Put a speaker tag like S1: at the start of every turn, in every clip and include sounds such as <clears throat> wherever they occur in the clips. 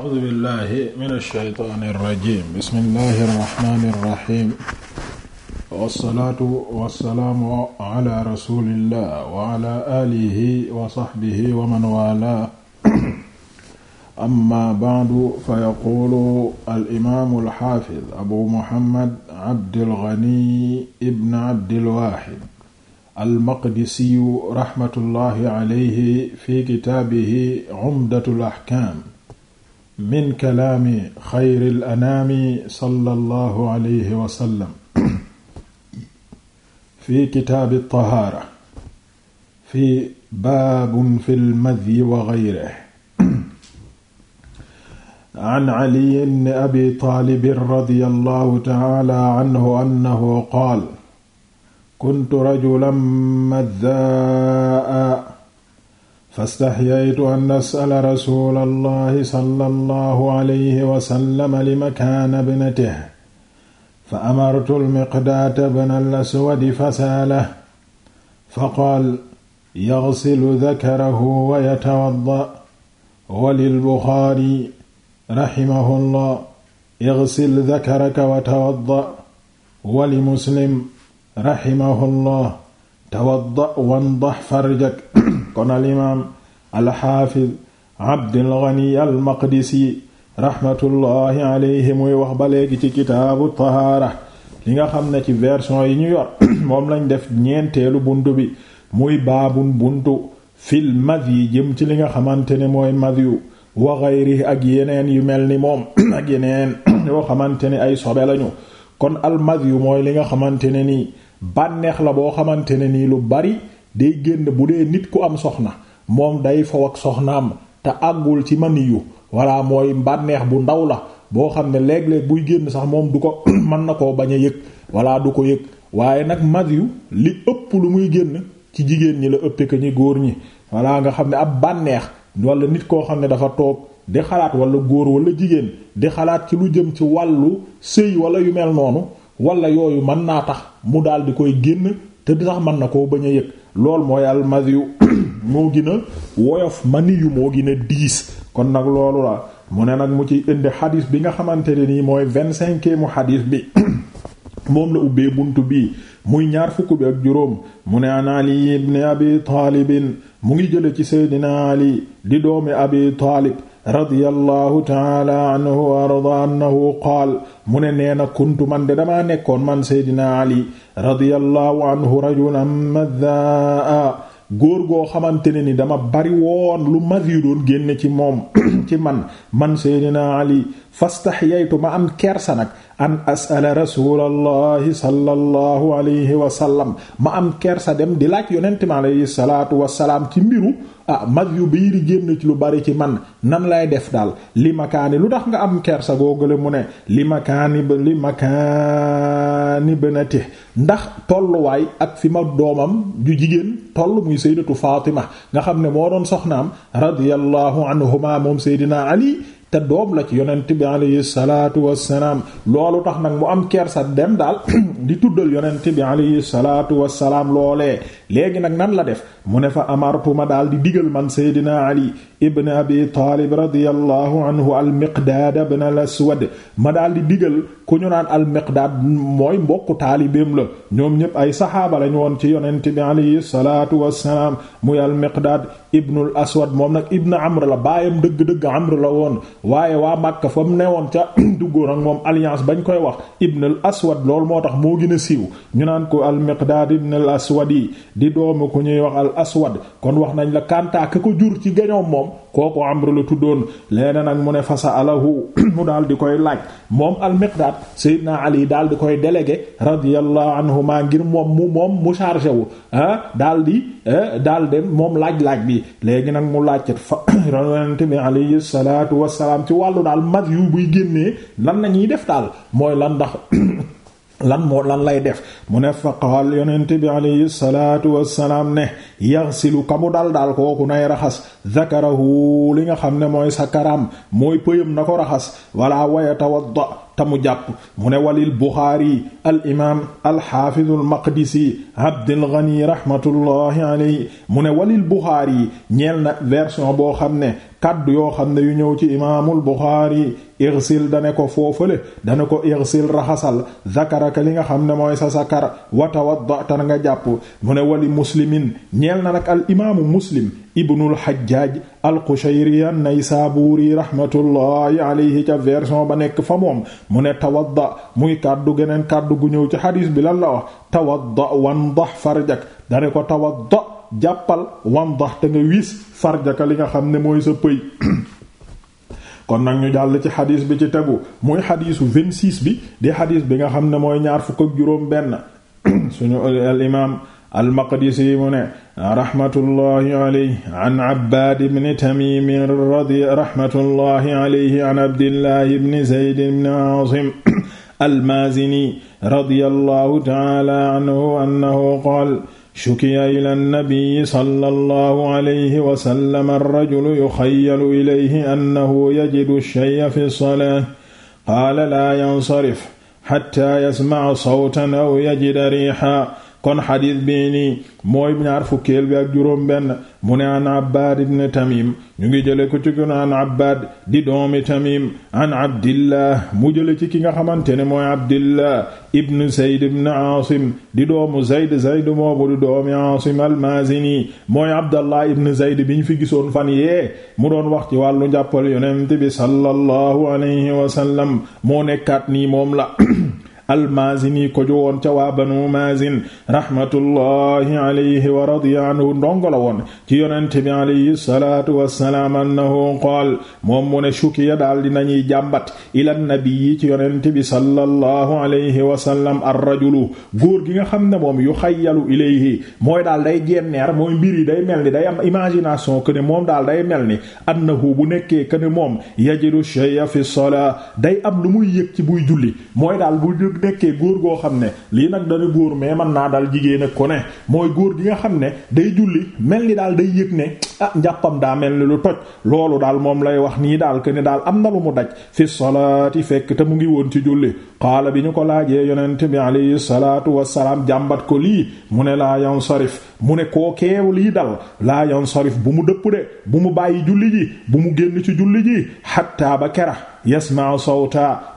S1: أعوذ بالله من الشيطان الرجيم بسم الله الرحمن الرحيم والصلاة والسلام على رسول الله وعلى آله وصحبه ومن والاه أما بعد فيقول الإمام الحافظ أبو محمد عبد الغني ابن عبد الواحد المقدسي رحمة الله عليه في كتابه عمدة الأحكام min kalaami xayril anaami sallallahu alayhi wa sallam fi kitaabi tahaara fi baabun fil madyi wa xayrihi an cali ibni abi taalibin radiyallahu ta'aala canhu annahu qaala kuntu rajulan maddaa'a fastaxyaytu an as'ala rasula allahi sallallahu alayhi wasallam limakaana bnatihi fa amartu almiqdaata bna alaswadi fasaalahu faqaal yagsilu dakarahu wa yatawadda wa lilbuxaari raximahullah igsil dakaraka wa tawadda wa limuslim raximahullah tawadda wandax farjak kon al imaam alxaafiz abdul ghani al maqdisi raxmatullahi muy wax ba léegi ci kitaabu tahaara li nga xam ne ci version yi ñu yor <clears throat> moom lañ def ñeenteelu buntu bi muy baabun buntu fil yi jëm ci li nga xamante ne mooy madyu wa ghayrihi ak yeneen yu mel ni moom <clears throat> ak yeneen <clears throat> yoo xamante ne ay sobe lañu kon al yu mooy li nga xamante ne nii bànneex la boo xamante ne nii lu bari day génn bu dee nit ku am soxna moom day faw ak soxnaam te àggul ci yu walla mooy bànneex bu ndaw la boo xam ne léeg-léeg buy génn sax moom du ko <clears throat> mën na koo bañ a yëg walla du ko yëg waaye nag maniyu li ëpp lu muy génn ci jigéen ñi la ëppee ko ñi góor ñi walla nga xam ne ab bànneex walla nit koo xam ne dafa toog di xalaat walla góor walla jigéen di xalaat ci lu jëm ci wàllu sëy walla yu mel noonu walla yooyu mën naa tax mu daal di koy génn te di mën na koo bañ a yëg lool mooy almadiyu <clears throat> moo gën a woyof maniyu moo gën a diis kon nag loolu la mu ne nag mu ci indi xadis bi nga xamante ne nii mooy vingt-cinquième mu xadis bi <clears throat> moom la ubbee bunt bi muy ñaar fukk bi ak juróom mu ne an ali ibn abi mu ngi jële ci seydina di doomi abi taalib radiyallahu taala anhu wa arda annahu qaal mu ne nee na kuntu man de damaa nekkoon man seydina ali radiyallahu anhu rajulan madhaa góor goo xamante ne ni dama bari woon lu mas yu doon génne ci moom <clears throat> ci man man seydina ali fastaxyaytu ma am kersa nag an asala rasulallahi sallallahu alayhi wa sallam ma am kersa dem di laaj yonente mi alayhi salaatu wasalaam ci mbiru ah mag yu biir yi génn ci lu bari ci man nan lay def daal li makaani lu tax nga am kersa googale mu ne li makaani li makaani ndax tolluwaay ak fi ma doomam ju jigéen toll muy sayyidatu Fatima nga xam ne moo doon soxnaam radiyallahu anhuma moom sayyidina Ali te doom la ci yonent bi alayhi salaatu wassalaam loolu tax nag mu am kersa dem daal <clears throat> di tuddal yonent bi alayhi salaatu wassalaam loolee léegi nag nan la def mu ne fa amartu ma daal di digal man seydina ali ibn abi taalib radiyallahu anhu almiqdaad ibn al aswad ma daal di digal ku ñu naan almiqdaad mooy mbokku taalibeem la ñoom ñépp ay saxaaba lañu woon ci yonent bi alayhi salaatu wassalaam muy almiqdaad ibnul aswad moom nag ibn amr la baayam dëgg-dëgg amr la woon waaye waa Màkka fa mu woon ca <clears throat> duggoon ak moom alliance bañ koy wax ibnul aswad loolu moo tax moo gën a siiw ñu naan ko almiqdaad ibnul aswad yi di doomu ku ñuy wax al aswad kon wax nañu la kantaa ko jur ci gañoom moom kooku amru la tuddoon leena nag mu ne fasa alahu <clears throat> mu daal di koy laaj moom al miqdaad sayyidina ali daal di koy délégué radiyallahu anhuma ngir moom mu moom mu chargé wu ah daal di daal de moom laaj-laaj bi léegi nag mu laajcat fa <clears throat> yonent bi alayhi salaatu wassalaam ci wàllu daal mat yu buy génnee lan nañuy def daal mooy lan ndax <clears throat> lan moo lan lay def mu ne faqaal yonente bi alayhi salaatu wassalaam ne yaxsilu ka mu dal daal kooku nay raxas zakarahu li nga xam ne mooy sa karam mooy pëyam na ko raxas walaa wala wayatawadda te jàpp mu ne walil Buxaari al imaam al xaafizu al maqdisi Abdul Ghani rahmatullahi mu ne walil Buxaari ñeel na version boo xam ne kaddu yoo xam ne yu ñëw ci imaamul Buxaari irsil dane ko foofale dana ko irsil raxasal zakaraka li nga xam ne mooy sa sakar wa tawadda nga jàpp mu ne wali muslimin ñeel na nag al muslim ibnul Hajjaaj al-Qushayri an-Naysaabuuri rahmatullahi alayhi ca version ba nekk fa moom mu ne tawadda muy kàddu geneen kàddu gu ñëw ci xadiis bi lan la wax tawadda wandax farjak dane ko tawadda jàppal wandax te nga wis farjaka li nga xam ne mooy sa pëy <coughs> kon nag ñu jàll ci xadiis bi ci tegu muy xadiisu 26 bi di xadiis bi nga xam ne mooy ñaar fukk ak juróom benn <coughs> suñu al almaqdisi mu ne rahmatullahi alayhi an abbaad ibn tamim radi rahmatullahi alayhi an abdillahi ibn zayd ibn aasim almaazini radiyallahu ta'ala anhu annahu qaala shukiya ila nnabiyi sallallahu alayhi wa sallam arrajulu yuxayyalu ilayhi annahu yajidu shay'a fi salaati qaala laa yansarif hatta yasma'a sawtan aw yajida riihan kon xadis bii nii mooy ñaar fukkeel bi ak juróom benn mu ne an Abbaad ibn Tamim ñu ngi jële ko ci kon an Abbaad di doomi Tamim an Abdillah mu jële ci ki nga xamante ne mooy Abdillah ibn Zayd ibn Aasim di doomu Zayd Zayd moobu di doomi Aasim al mooy Abdallah ibn Zayd bi ñu fi gisoon fan yee mu doon wax ci wàllu njàppal yonent bi sallallahu alayhi wa sallam moo nekkaat nii moom la almaazini ko ju woon ca waa banu maazin rahmatullahi alayhi wa radiya anhu ndongo la woon ci yonente bi alayhi salaatu wassalaam annahu qaal moom mu ne shukiya daal dinañuy jàmbat ila nabi ci yonente bi sallallahu alayhi wa sallam ar-rajulu góor gi nga xam ne moom yu xayyalu ilayhi mooy daal day genneer mooy mbir yi day mel ni day am imagination que moom daal day mel ni annahu bu nekkee que ne moom yajidu shay'a fi salaa day am lu muy yëg ci buy julli mooy daal bu nekkee góor goo xam ne lii nag dana góor mais mën naa dal jigéen ak ko ne mooy góor di nga xam ne day julli mel ni daal day yëg ne a ah, njàppam daa mel ni lu toj loolu daal moom lay wax nii daal que ne daal am na lu mu daj fi salaati fekk te mu ngi woon ci julli xaala bi ñu ko laajee yonent bi alayhi salaatu wassalaam jàmbat ko lii mu ne laa yansarif mu ne koo keew lii dal laa yansarif bu mu dëpp de bu mu bàyyi julli ji bu mu génn ci julli ji hatta ba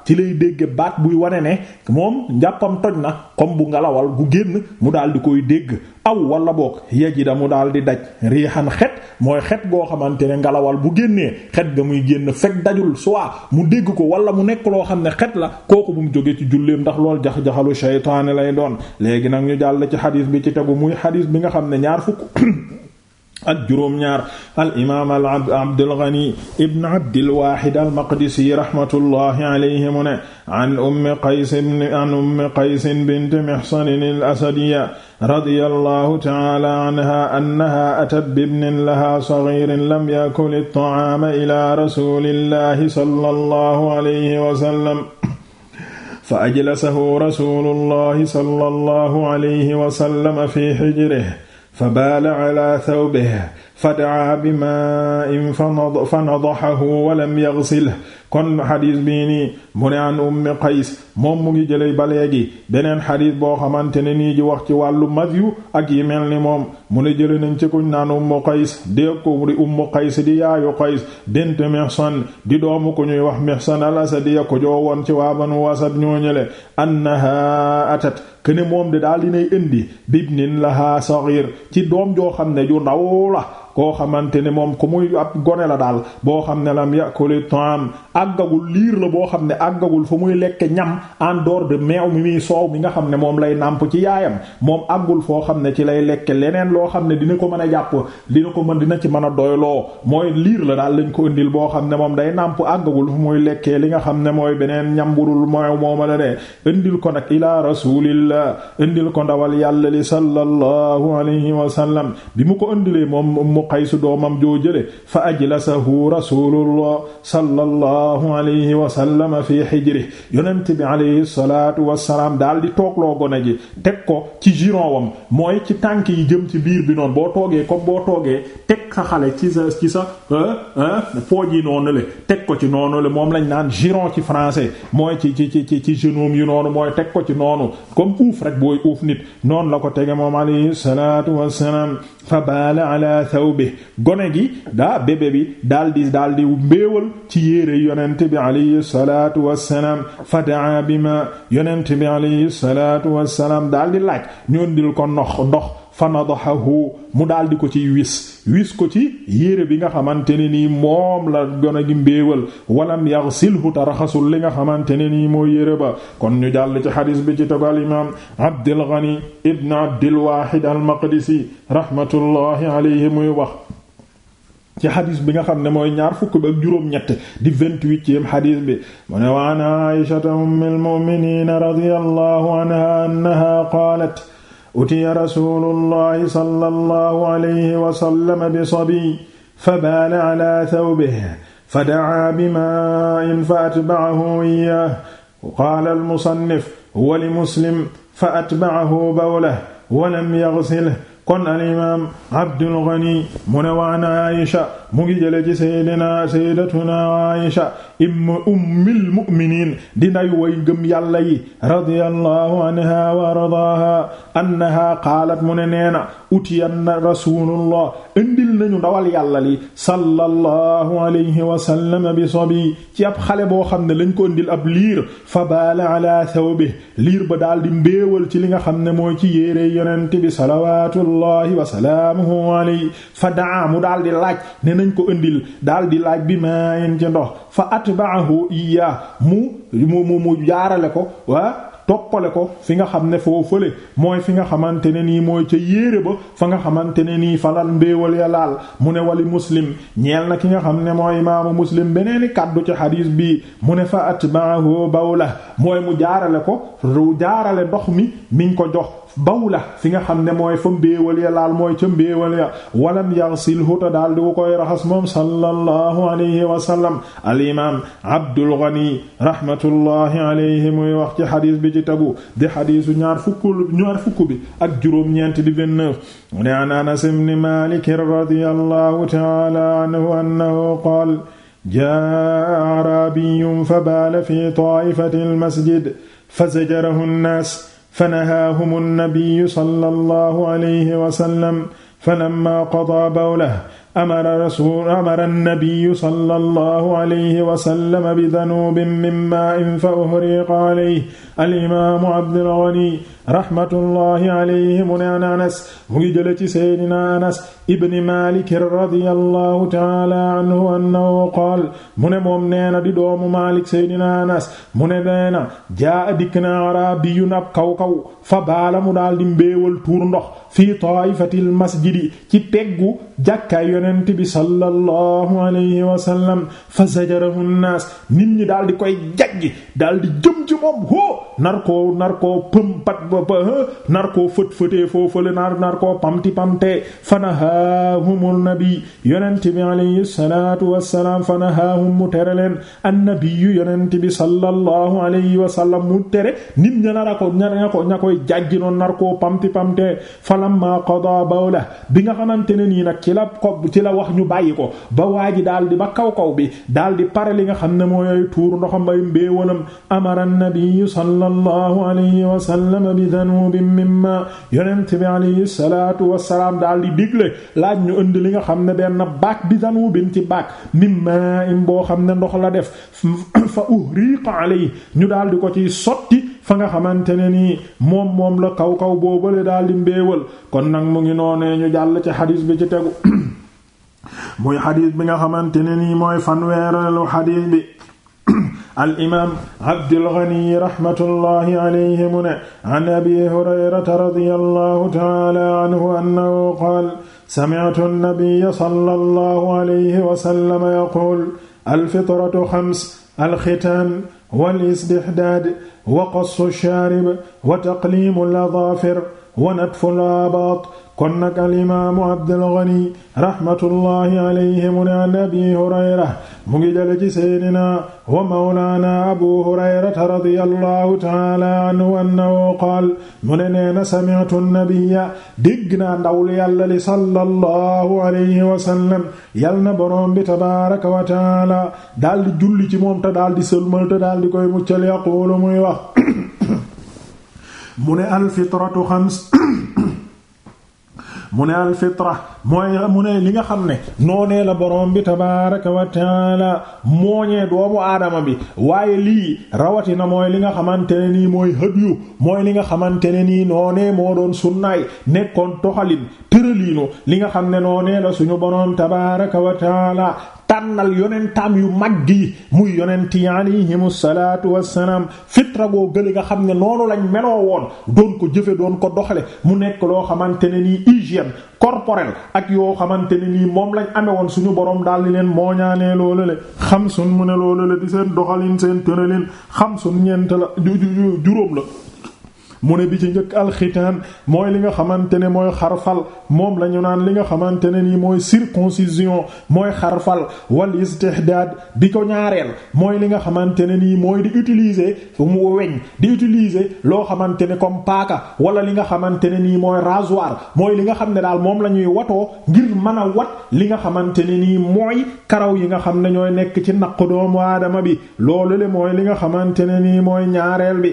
S1: ci lay dégge baat buy wane ne moom njàppam toj na comme bu ngalawal bu génn mu daal di koy dégg aw wala boog yaji da mu daal di daj riixan xet mooy xet goo xamante ne ngalawal bu génnee xet ga muy génn fekk dajul soit mu dégg ko wala mu nekk loo xam ne xet la kooku bu mu jógee ci julleem ndax lool jax-jaxalu shaytaane lay doon léegi nag ñu jàll ci xadiis bi ci tegu muy xadiis bi nga xam ne ñaar fukk ak juróom-ñaar al imaam al Abdul Ghani ibn Abdil Wahid al Maqdisi rahmatullahi alayhi mu ne an ummi Qays an ummi Qays bint Mihsan al Asadiyya radiyallahu ta'ala anha annaha atat bibnin laha saghirin lam yakul at-ta'ama ila rasulillahi sallallahu alayhi wa sallam fa ajlasahu rasulullahi sallallahu alayhi wa sallam fi hijrihi fa baala calaa thawbihi fa dacaa bimaa'in fa nadaxahu wa lam yaghsilhu kon xadis bii nii mu ne an ummi qays moom mu ngi jëlee ba léegi beneen xadis boo xamante ne nii ji wax ci wàllu yu ak yi mel ni moom mu ne jëlee nañ ci kuñ naan ummu qays di ko di ummu qays di yaayu qays bint mihsan di doomu ku ñuy wax mihsan al asadiya ko joo woon ci waa banu asad ñooñële annaha atat kene moom di daal dinay indi bibnin laha saghir ci doom joo xam ne ju ndaw la koo xamante ne moom ku muy ab gone la daal boo xam ne lam àggagul liir la boo xam ne àggagul fu muy lekke ñam en dehors de meew mi muy soow mi nga xam ne moom lay nàmp ci yaayam moom àggul foo xam ne ci lay lekke leneen loo xam ne dina ko mën a jàpp dina ko mën dina ci mën a doyloo mooy liir la daal lañ ko indil boo xam ne moom day nàmp àggagul fu muy lekkee li nga xam ne mooy beneen ñam budul meew mooma la ne indil ko nag ilaa rasulillah indil ko ndawal yàlla li sallallahu alayhi wa sallam bi mu ko indilee moom mu Qays doomam joo jële fa ajlasahu rasulullah sallallahu sallallahu alayhi wa sallam fi hijri yonent bi alayhi salaatu wassalaam daal di toogloo gone ji teg ko ci giron wam mooy ci tànk yi jëm ci biir bi noonu boo toogee comme boo toogee teg sa xale ci sa ci sa euh, euh, pooj yi noonu le teg ko ci noonu le moom lañ naan giron ci français mooy ci ci ci ci genoom yi noonu mooy teg ko ci noonu comme uuf rek booy uuf nit noonu la ko tege moom alayhi salaatu wassalaam fa baala ala thawbi gone gi daa bébé bi daal di daal di mbéewal ci yére yonent bi alayhi salaatu wassalaam fadaa bi ma yonent bi alayhi salaatu wassalaam daal di laaj ñoon dil ko ndox ndox fa nadahahu mu daal di ko ci wis wis ko ci yére bi nga xamante ne nii moom la gone gi mbéewal walam yaghsilhu ta raxasul li nga xamante ne nii moo yére ba kon ñu jàll ci xadis bi ci togal imaam Abdul Ghani ibn Abdul Wahid al-Maqdisi rahmatullahi alayhi muy wax ci xadis bi nga xam ne mooy ñaar fukk bi ak juróom-ñett di vingt-huitième xadis bi mu ne wa an aishata ummi almuminina radiyallahu anha annaha qaalat utiya rasulullahi sallallahu alayhi wa sallam bi sabiy fa baala ala thawbihi fa dacaa bima'in fa atbacahu iyaahu qaala almusannif wa li muslim fa atbacahu bawlahu wa lam yaghsilhu kon al imaam Abdul Ghani mu ne waan Aisha mu ngi jële ci sayyidina sayyidatuna Aisha im ummil mu'minin di nay way ngëm yàlla yi radiyallahu anha wa ardaaha annaha qaalat mu ne nee na utiyanna rasulullah indil nañu ndawal yàlla li sallallahu alayhi wa sallam bi sobi ci ab xale boo xam ne lañ ko indil ab liir fa baala ala thawbi liir ba daal di mbéewal ci li nga xam ne mooy ci yére yonent bi salawatu salawaatullahi wa salaamuhu alayhi fa daa mu daal di laaj ne nañ ko indil daal di laaj bi maayin ci ndox fa atba'ahu iyaa mu mu mu jaarale ko waa toppale ko fi nga xam ne foo fële mooy fi nga xamante ne nii mooy ca yéere ba fa nga xamante ne nii falal mbéewal ya laal mu ne wali muslim ñeel na ki nga xam ne mooy imaamu muslim beneen kaddu ci xadiis bi mu ne fa atba'ahu bawla mooy mu jaarale ko ru jaarale ndox mi miñ ko jox bawla fi nga xam ne mooy fa mbéewal ya laal mooy ca mbéewal ya walam yaxsilhu ta daal di ko koy raxas moom sallallahu alayhi wa sallam al imam Abdul Ghani rahmatullahi alayhi muy wax ci xadis bi ci tagu di xadisu ñaar fukk ñaar fukk bi ak juróom-ñeent di vingt-neuf mu ne an Anas ibn Malik radiyallahu ta'ala anhu annahu qaala jaa'a a'raabiyyun fa baala fi taa'ifatil masjid fa zajarahu an-naas fanahaahum nnabiyu sallallahu alayhi wa sallam falammaa qadaa bawlahu amara rasul amara annabiyu sala allahu alayhi wasallama bidanubin min maa'in fa uhriqa alayhi alimaamu abdulghani rahmatullahi alayhi mu ne an anas mu ngi jële ci seydina anas ibni malikin radiyallahu taala anhu annahu qaal mu ne moom nee na di doomu maalik seydina anas mu ne nee na jaa a dikk na arabiyun ab kaw-kaw fa baala mu daal di mbéewal tuur ndox fii taaifatil masjidi ci peggu jàkkaay yonent bi sallallahu alayhi wa sallam fa zajarahu nnaas nit ñi di koy jaggi di jëm ci moom hoo nar koo nar koo pëmpat ba ba nar koo fët-fëtee foofale nar nar koo pamti pamtee fa nahaahum nabi yonent bi mu sallallahu alayhi wa sallam mu tere nit ña nar a ko ña ko ña koy jaggi noonu nar koo pamti pamtee falamma qada bawla bi nga xamante ne nii nag ci la ci la wax ñu bàyyi ko ba waa ji daal di ba kaw kaw bi daal di pare li nga xam ne mooy tuur ndoxam ay mbéewalam amara nabi sallallahu alayhi wa sallam bi danubin mimma yonent daal di digle laaj ñu indi li nga xam ne benn baak bi danubin ci baak mimma im boo xam ne ndox la def fa uhriqa alayhi ñu daal di ko ci sotti fa nga xamante ne nii moom moom la kaw kaw boobale daal di mbéewal kon nag mu ngi noonee ñu jàll ci xadiis bi ci tegu muy xadis bi nga xamante ne nii mooy fanweeralu xadis bi <clears throat> al imaam Abdul Ghani rahmatullahi alayhi mu ne an abi hurayrata radiyallahu ta'ala anhu annahu qaala sami'tu an-nabiyya sallallahu alayhi wa sallam yaquulu al-fitratu xams al-xitaan wal-istihdaad wa qassu ash-shaarib wa taqliimu al-azaafir wa natfu al-aabaat kon nag al imaamu Abdul Ghani rahmatullahi alayhi mu ne an Abi Hurayra mu ngi jële ci seydina wa mawlaana Abu Hurayrata radiyallahu taala anhu annahu qaal mu ne nee na sami'tu nabiyya dégg naa ndaw li yàlla li sallallahu alayhi wa sallam yal na boroom bi tabaaraka wa taala daal di julli ci moom te daal di sëlmal te daal di koy muccal yaquulu muy wax <coughs> mu ne alfitratu xams <coughs> mu ne al fitra mooy mu ne li nga xam ne noonee la borom bi tabaaraka wa taala mooñee doomu aadama bi waaye lii rawatina mooy li nga xamante ne nii mooy hadiyu mooy li nga xamante ne nii noonee moo doon sunnaay nekkoon toxalin tërëliinu li nga xam ne noonee la suñu borom tabaaraka wa taala tànnal yonentaam yu mag yi muy yonent yi alayhimu salaatu wassalaam fitra goo gële nga xam ne noonu lañ meloo woon doon ko jëfe doon ko doxale mu nekk loo xamante ne nii hygiène corporel ak yoo xamante ne nii moom lañ amee woon suñu borom daal di leen moo ñaanee loolu xam xamsun mu ne loolu la di seen doxalin seen tëralin xamsun ñeent la juróom la mu ne bi ci njëkk alxitaan mooy li nga xamante ne mooy xarfal moom la ñu naan li nga xamante ne nii mooy circoncision mooy xarfal wal istihdaad bi ko ñaareel mooy li nga xamante ne nii mooy di utiliser mu weñ di utiliser loo xamante ne comme paaka wala li nga xamante ne nii mooy rasoir mooy li nga xam ne daal moom la ñuy watoo ngir mën a wat li nga xamante ne nii mooy karaw yi nga xam ne ñooy nekk ci naq doomu aadama bi loolu le mooy li nga xamante ne nii mooy ñaareel bi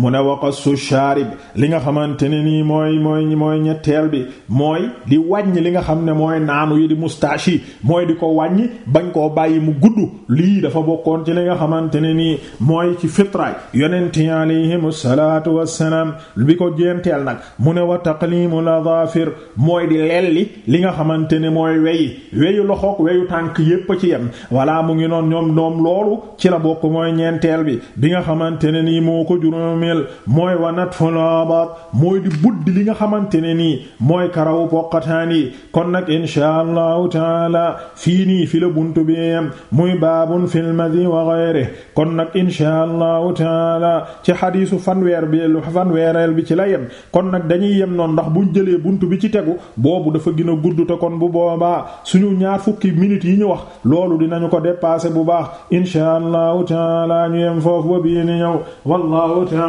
S1: mu ne waqasu shaarib li nga xamante ne nii mooy mooy mooy ñetteel bi mooy di wàññi li nga xam ne mooy naanu yi di mustaashi mooy di ko wàññi bañ koo bàyyi mu gudd lii dafa bokkoon ci li nga xamante ne nii mooy ci fitra yonent yi alayhim salaatu wassalaam bi ko jeenteel nag mu ne wa taqlimul adhaafir mooy di lelli li li nga xamante ne mooy weyi weyu loxook weyu tànk yépp ci yem walla mu ngi noon ñoom ñoom loolu ci la bokk mooy ñeenteel bi bi nga xamante neel mooy wanat fulabat mooy di buddi li nga xamante ne nii mooy karawu poqataan yi kon nag insha allahu taala fii nii fi la bunt bi yem muy baabun fil madi wa ghayrihi kon nag insha allahu taala ci xadiisu fanweer bi fanweereel bi ci la yem kon nag dañuy yem noon ndax buñ jëlee bunt bi ci tegu boobu dafa gën a gudd te kon bu boobaa suñu ñaar fukki minutes yi ñu wax loolu dinañu ko dépasser bu baax insha allahu taala ñu yem foofu ba bii ni ñëw